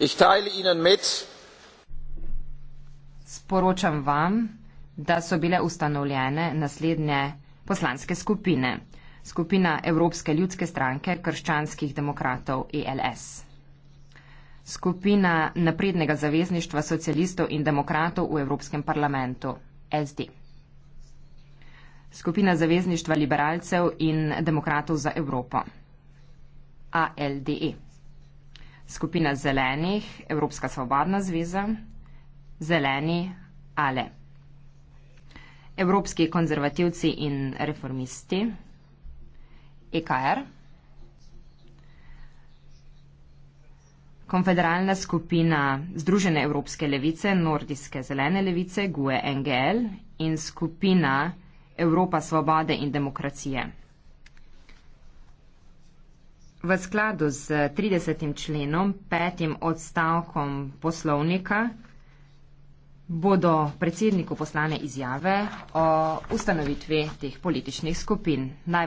Ich teile Ihnen mit, Sporočam vam, da so bile ustanovljene naslednje poslanske skupine. Skupina Evropske ljudske stranke krščanskih demokratov ELS. Skupina naprednega zavezništva socialistov in demokratov v Evropskem parlamentu SD. Skupina zavezništva liberalcev in demokratov za Evropo ALDE. Skupina zelenih, Evropska svobodna zveza, zeleni ale. Evropski konzervativci in reformisti, EKR. Konfederalna skupina Združene evropske levice, Nordijske zelene levice, GUE NGL in skupina Evropa svobode in demokracije. V skladu z 30. členom, petim odstavkom poslovnika, bodo predsedniku poslane izjave o ustanovitvi teh političnih skupin.